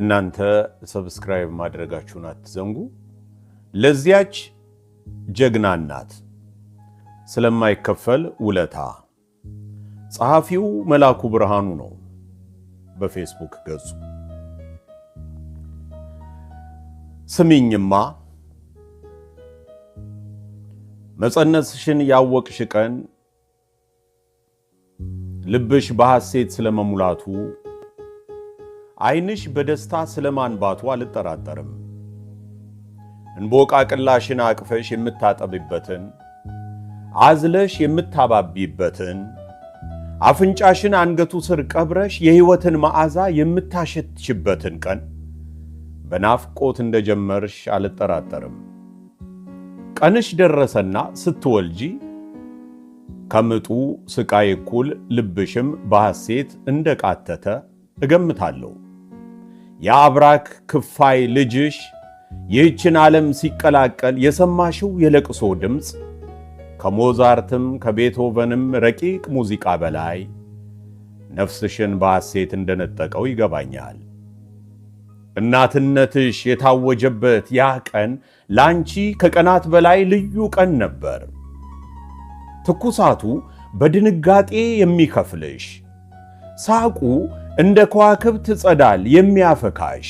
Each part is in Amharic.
እናንተ ሰብስክራይብ ማድረጋችሁን አትዘንጉ። ለዚያች ጀግና እናት ስለማይከፈል ውለታ ጸሐፊው መላኩ ብርሃኑ ነው። በፌስቡክ ገጹ ስሚኝማ መጸነስሽን ያወቅሽ ቀን ልብሽ በሐሴት ስለመሙላቱ ዓይንሽ በደስታ ስለማንባቱ አልጠራጠርም። እንቦቃቅላሽን አቅፈሽ የምታጠብበትን አዝለሽ የምታባቢበትን አፍንጫሽን አንገቱ ስር ቀብረሽ የሕይወትን መዓዛ የምታሸትሽበትን ቀን በናፍቆት እንደጀመርሽ አልጠራጠርም። ቀንሽ ደረሰና ስትወልጂ ከምጡ ስቃይ እኩል ልብሽም በሐሴት እንደቃተተ እገምታለሁ። የአብራክ ክፋይ ልጅሽ ይህችን ዓለም ሲቀላቀል የሰማሽው የለቅሶ ድምፅ ከሞዛርትም ከቤቶቨንም ረቂቅ ሙዚቃ በላይ ነፍስሽን በሐሴት እንደነጠቀው ይገባኛል። እናትነትሽ የታወጀበት ያ ቀን ላንቺ ከቀናት በላይ ልዩ ቀን ነበር። ትኩሳቱ በድንጋጤ የሚከፍልሽ፣ ሳቁ እንደ ከዋክብት ጸዳል የሚያፈካሽ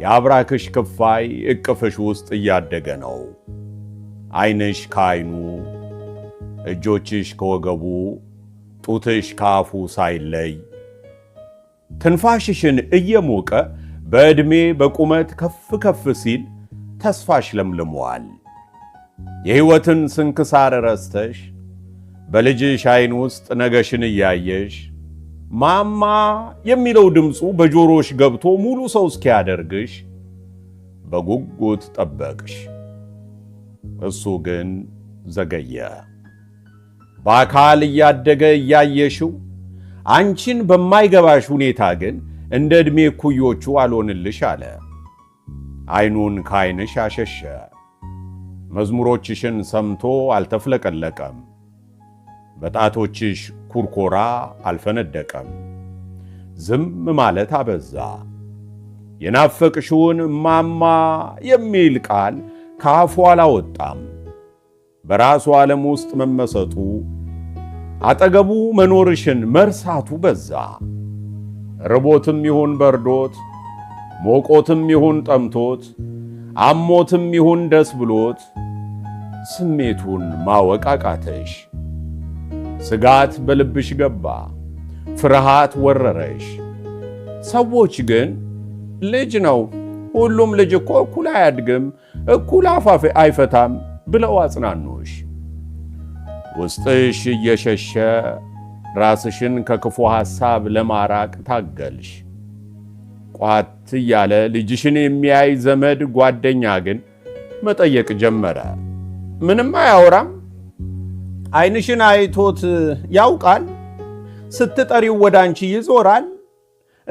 የአብራክሽ ክፋይ እቅፍሽ ውስጥ እያደገ ነው። ዓይንሽ ከዓይኑ፣ እጆችሽ ከወገቡ፣ ጡትሽ ከአፉ ሳይለይ ትንፋሽሽን እየሞቀ በዕድሜ በቁመት ከፍ ከፍ ሲል ተስፋሽ ለምልመዋል። የሕይወትን ስንክሳር ረስተሽ በልጅሽ አይን ውስጥ ነገሽን እያየሽ ማማ የሚለው ድምፁ በጆሮሽ ገብቶ ሙሉ ሰው እስኪያደርግሽ በጉጉት ጠበቅሽ። እሱ ግን ዘገየ። በአካል እያደገ እያየሽው አንቺን በማይገባሽ ሁኔታ ግን እንደ ዕድሜ እኩዮቹ አልሆንልሽ አለ። ዐይኑን ከዐይንሽ አሸሸ። መዝሙሮችሽን ሰምቶ አልተፍለቀለቀም። በጣቶችሽ ኩርኮራ አልፈነደቀም። ዝም ማለት አበዛ። የናፈቅሽውን ማማ የሚል ቃል ከአፉ አላወጣም። በራሱ ዓለም ውስጥ መመሰጡ አጠገቡ መኖርሽን መርሳቱ በዛ። ርቦትም ይሁን በርዶት፣ ሞቆትም ይሁን ጠምቶት፣ አሞትም ይሁን ደስ ብሎት ስሜቱን ማወቅ አቃተሽ። ስጋት በልብሽ ገባ፣ ፍርሃት ወረረሽ። ሰዎች ግን ልጅ ነው፣ ሁሉም ልጅ እኮ እኩል አያድግም፣ እኩል አፋፌ አይፈታም ብለው አጽናኑሽ። ውስጥሽ እየሸሸ ራስሽን ከክፉ ሐሳብ ለማራቅ ታገልሽ። ቋት እያለ ልጅሽን የሚያይ ዘመድ ጓደኛ ግን መጠየቅ ጀመረ። ምንም አያወራም ዓይንሽን አይቶት ያውቃል። ስትጠሪው ወደ አንቺ ይዞራል።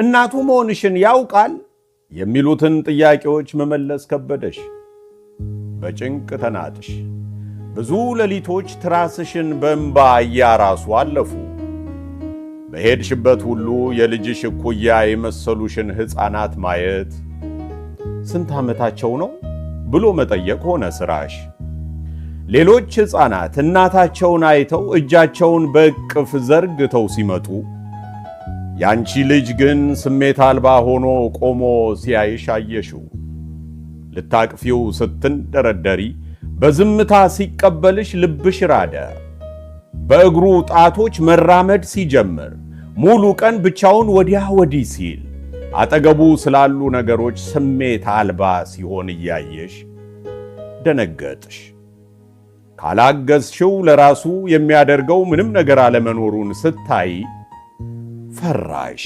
እናቱ መሆንሽን ያውቃል። የሚሉትን ጥያቄዎች መመለስ ከበደሽ፣ በጭንቅ ተናጥሽ። ብዙ ሌሊቶች ትራስሽን በእንባ እያራሱ አለፉ። በሄድሽበት ሁሉ የልጅሽ እኩያ የመሰሉሽን ሕፃናት ማየት ስንት ዓመታቸው ነው ብሎ መጠየቅ ሆነ ሥራሽ። ሌሎች ሕፃናት እናታቸውን አይተው እጃቸውን በእቅፍ ዘርግተው ሲመጡ ያንቺ ልጅ ግን ስሜት አልባ ሆኖ ቆሞ ሲያይሽ አየሽው። ልታቅፊው ስትንደረደሪ በዝምታ ሲቀበልሽ ልብሽ ራደ። በእግሩ ጣቶች መራመድ ሲጀምር ሙሉ ቀን ብቻውን ወዲያ ወዲህ ሲል አጠገቡ ስላሉ ነገሮች ስሜት አልባ ሲሆን እያየሽ ደነገጥሽ። ካላገዝሽው ለራሱ የሚያደርገው ምንም ነገር አለመኖሩን ስታይ ፈራሽ።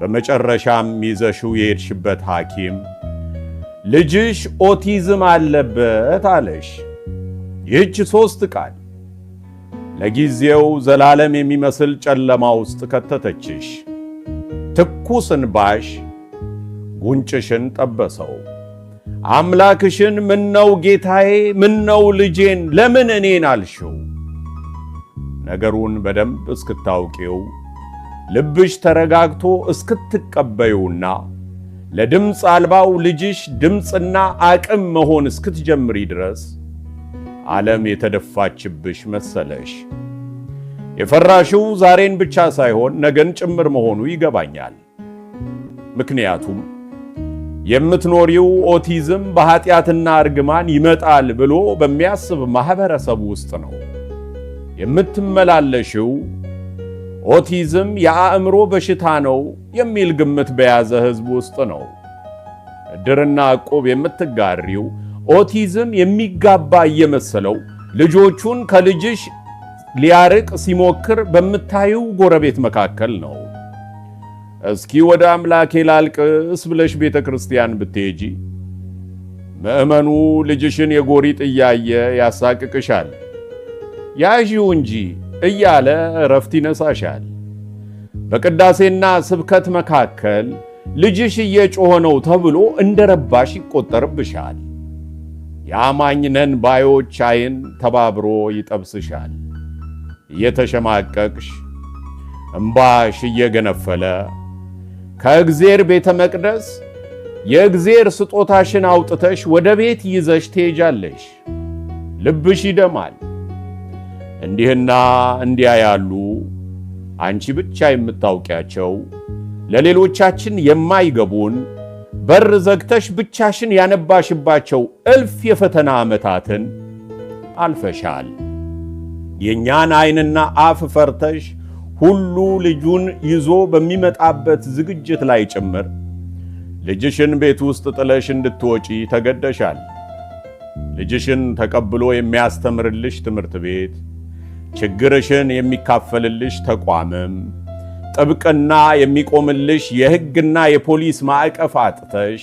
በመጨረሻም ይዘሽው የሄድሽበት ሐኪም ልጅሽ ኦቲዝም አለበት አለሽ። ይህች ሦስት ቃል ለጊዜው ዘላለም የሚመስል ጨለማ ውስጥ ከተተችሽ። ትኩስ እንባሽ ጉንጭሽን ጠበሰው። አምላክሽን ምነው ጌታዬ፣ ምነው ልጄን ለምን እኔን አልሽው? ነገሩን በደንብ እስክታውቂው ልብሽ ተረጋግቶ እስክትቀበዩና ለድምፅ አልባው ልጅሽ ድምፅና አቅም መሆን እስክትጀምሪ ድረስ ዓለም የተደፋችብሽ መሰለሽ። የፈራሽው ዛሬን ብቻ ሳይሆን ነገን ጭምር መሆኑ ይገባኛል። ምክንያቱም የምትኖሪው ኦቲዝም በኃጢአትና እርግማን ይመጣል ብሎ በሚያስብ ማህበረሰብ ውስጥ ነው የምትመላለሽው። ኦቲዝም የአእምሮ በሽታ ነው የሚል ግምት በያዘ ሕዝብ ውስጥ ነው እድርና ዕቁብ የምትጋሪው። ኦቲዝም የሚጋባ እየመሰለው ልጆቹን ከልጅሽ ሊያርቅ ሲሞክር በምታዩው ጎረቤት መካከል ነው። እስኪ ወደ አምላኬ ላልቅስ ብለሽ ቤተ ክርስቲያን ብትሄጂ ምእመኑ ልጅሽን የጎሪጥ እያየ ያሳቅቅሻል። ያዢው እንጂ እያለ እረፍት ይነሳሻል። በቅዳሴና ስብከት መካከል ልጅሽ እየጮኸ ነው ተብሎ እንደ ረባሽ ይቆጠርብሻል። የአማኝ ነን ባዮች ዓይን ተባብሮ ይጠብስሻል። እየተሸማቀቅሽ እምባሽ እየገነፈለ ከእግዜር ቤተ መቅደስ የእግዜር ስጦታሽን አውጥተሽ ወደ ቤት ይዘሽ ትሄጃለሽ። ልብሽ ይደማል። እንዲህና እንዲያ ያሉ አንቺ ብቻ የምታውቂያቸው ለሌሎቻችን የማይገቡን በር ዘግተሽ ብቻሽን ያነባሽባቸው እልፍ የፈተና ዓመታትን አልፈሻል። የእኛን አይንና አፍ ፈርተሽ ሁሉ ልጁን ይዞ በሚመጣበት ዝግጅት ላይ ጭምር ልጅሽን ቤት ውስጥ ጥለሽ እንድትወጪ ተገደሻል። ልጅሽን ተቀብሎ የሚያስተምርልሽ ትምህርት ቤት፣ ችግርሽን የሚካፈልልሽ ተቋምም፣ ጥብቅና የሚቆምልሽ የሕግና የፖሊስ ማዕቀፍ አጥተሽ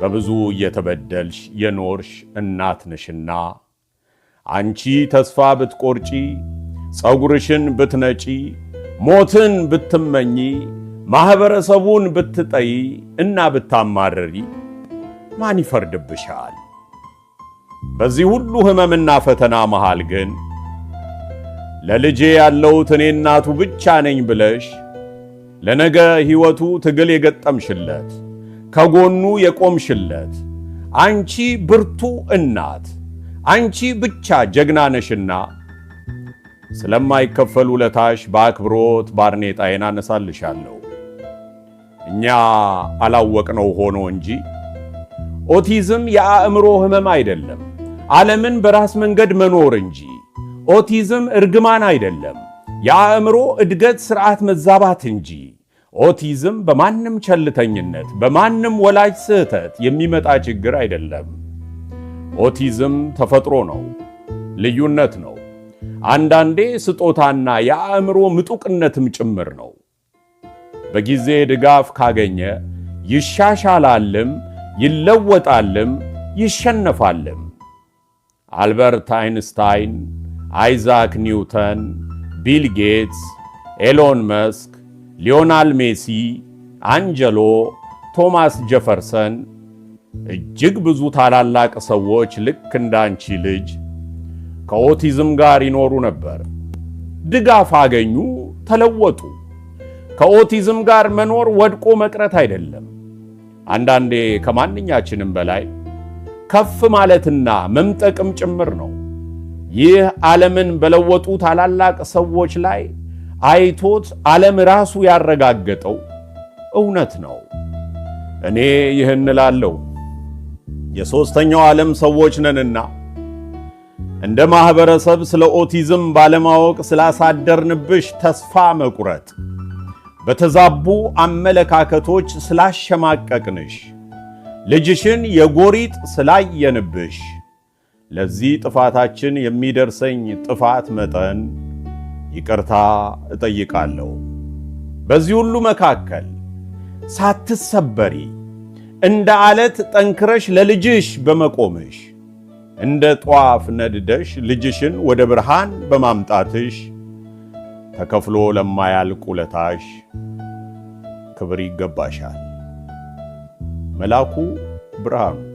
በብዙ እየተበደልሽ የኖርሽ እናት ነሽና አንቺ ተስፋ ብትቆርጪ ፀጉርሽን ብትነጪ፣ ሞትን ብትመኚ፣ ማኅበረሰቡን ብትጠይ እና ብታማርሪ ማን ይፈርድብሻል? በዚህ ሁሉ ሕመምና ፈተና መሃል ግን ለልጄ ያለሁት እኔ እናቱ ብቻ ነኝ ብለሽ ለነገ ሕይወቱ ትግል የገጠምሽለት ከጎኑ የቆምሽለት አንቺ ብርቱ እናት አንቺ ብቻ ጀግና ነሽና ስለማይከፈል ውለታሽ በአክብሮት ባርኔጣዬን አነሳልሻለሁ። እኛ አላወቅነው ሆኖ እንጂ ኦቲዝም የአእምሮ ህመም አይደለም፣ ዓለምን በራስ መንገድ መኖር እንጂ። ኦቲዝም እርግማን አይደለም፣ የአእምሮ እድገት ስርዓት መዛባት እንጂ። ኦቲዝም በማንም ቸልተኝነት፣ በማንም ወላጅ ስህተት የሚመጣ ችግር አይደለም። ኦቲዝም ተፈጥሮ ነው፣ ልዩነት ነው። አንዳንዴ ስጦታና የአእምሮ ምጡቅነትም ጭምር ነው። በጊዜ ድጋፍ ካገኘ ይሻሻላልም፣ ይለወጣልም፣ ይሸነፋልም። አልበርት አይንስታይን፣ አይዛክ ኒውተን፣ ቢል ጌትስ፣ ኤሎን መስክ፣ ሊዮናል ሜሲ፣ አንጀሎ፣ ቶማስ ጀፈርሰን እጅግ ብዙ ታላላቅ ሰዎች ልክ እንዳንቺ ልጅ ከኦቲዝም ጋር ይኖሩ ነበር። ድጋፍ አገኙ፣ ተለወጡ። ከኦቲዝም ጋር መኖር ወድቆ መቅረት አይደለም። አንዳንዴ ከማንኛችንም በላይ ከፍ ማለትና መምጠቅም ጭምር ነው። ይህ ዓለምን በለወጡ ታላላቅ ሰዎች ላይ አይቶት ዓለም ራሱ ያረጋገጠው እውነት ነው። እኔ ይህን እላለሁ፣ የሦስተኛው ዓለም ሰዎች ነንና እንደ ማህበረሰብ ስለ ኦቲዝም ባለማወቅ ስላሳደርንብሽ ተስፋ መቁረጥ፣ በተዛቡ አመለካከቶች ስላሸማቀቅንሽ፣ ልጅሽን የጎሪጥ ስላየንብሽ ለዚህ ጥፋታችን የሚደርሰኝ ጥፋት መጠን ይቅርታ እጠይቃለሁ። በዚህ ሁሉ መካከል ሳትሰበሪ እንደ አለት ጠንክረሽ ለልጅሽ በመቆምሽ እንደ ጧፍ ነድደሽ ልጅሽን ወደ ብርሃን በማምጣትሽ ተከፍሎ ለማያልቅ ውለታሽ ክብር ይገባሻል። መልአኩ ብርሃኑ